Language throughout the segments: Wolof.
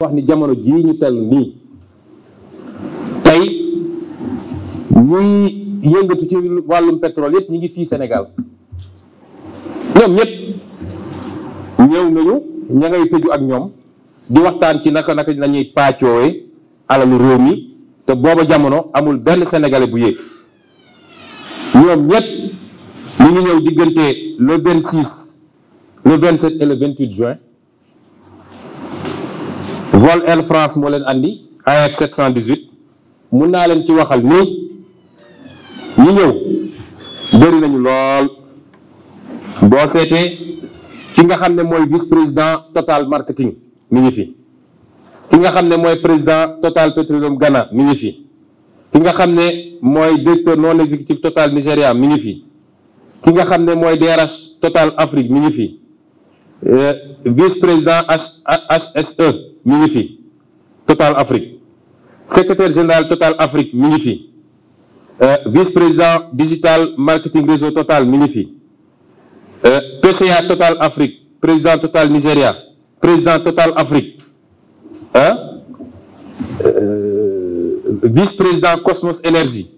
wax ni jamono jii ñu tell nii tey ñuy yëngatu ci wàllum pétrole yëpp ñu ngi fii Sénégal ñoom ñëpp ñëw nañu ña ngay tëju ak ñoom di waxtaan ci naka naka lañuy pàccoowee alalu réew mi te booba jamono amul benn sénégalais bu yéeg ñoom ñëpp ñu diggante le 26 le 27 et le 28 juin vol Air France moo leen andi AF 718 mun naa leen ci waxal ni ñi ñëw bëri nañu lool boo seetee ki nga xam ne mooy vice président Total marketing mi ngi fi ki nga xam ne mooy président Total Petroleum Ghana mi ngi fi ki nga xam ne mooy directeur non exécutif Total Nigéria mi ngi fi ki nga xam ne mooy DRH Total Afrique mi ngi fi. Euh, vice-président HSE mi ngi fi Total Afrique secrétaire général Total Afrique mi ngi fi euh, vice-président digital marketing réseau Total mi ngi fi euh, PCA Total Afrique président Total Nigeria président Total Afrique ah vice-président Cosmos Énergie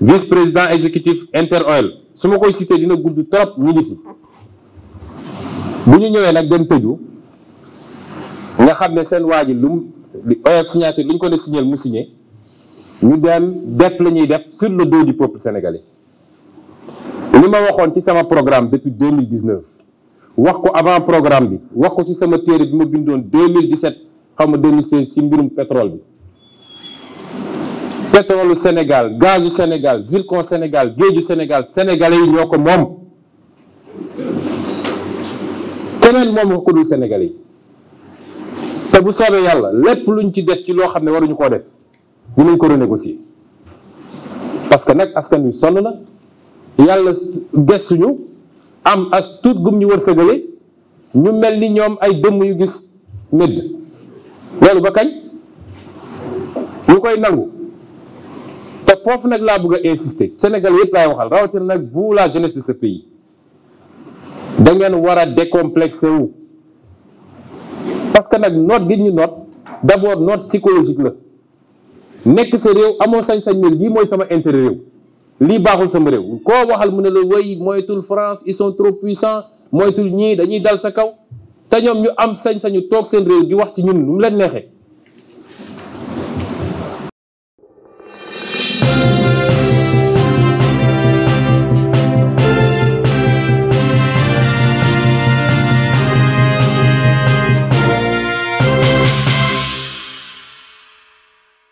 vice-président exécutif Inter Oil su ma koy cité dina gudd trop mi ngi fi bu ñu ñëwee nag dem tëju nga xam ne seen waa ji lu mu oyof signature lu ñu ko ne signé mu signé ñu dem def la ñuy def sur le dos du peuple sénégalais li ma waxoon ci sama programme depuis 2019 wax ko avant programme bi wax ko ci sama téere bi ma bindoon 2017 xaw ma 2016 ci mbirum pétrole bi pétrole Sénégal gazu Sénégal zircon Sénégal géeju Sénégal sénégalais yi ñoo ko moom keneen moom ko dul Sénégal yi te bu soobee yàlla lépp lu luñ ci def ci loo xam ne waruñu koo def dinañ ko renégocier parce que nag askan wi sonn na yàlla gestuñu am as tuut gum ñu wërsëgale ñu mel ni ñoom ay dëmm yu gis médd loolu ba kañ lu koy nangu te foofu nag laa bëgg a insister Sénégal yëpp laay waxal rawatina nag vous la jeunesse de ce pays da ngeen war a parce que nag noot gi ñu noot d'abord noot psychologique la nekk sa réew amoo sañ-sañ ne lii mooy sama intérêt réew lii baaxul sama réew koo waxal mu ne la way moytul France ils sont trop mooy moytul ñii dañuy dal sa kaw te ñoom ñu am sañ-sañu toog seen réew di wax ci ñun nu mu leen neexee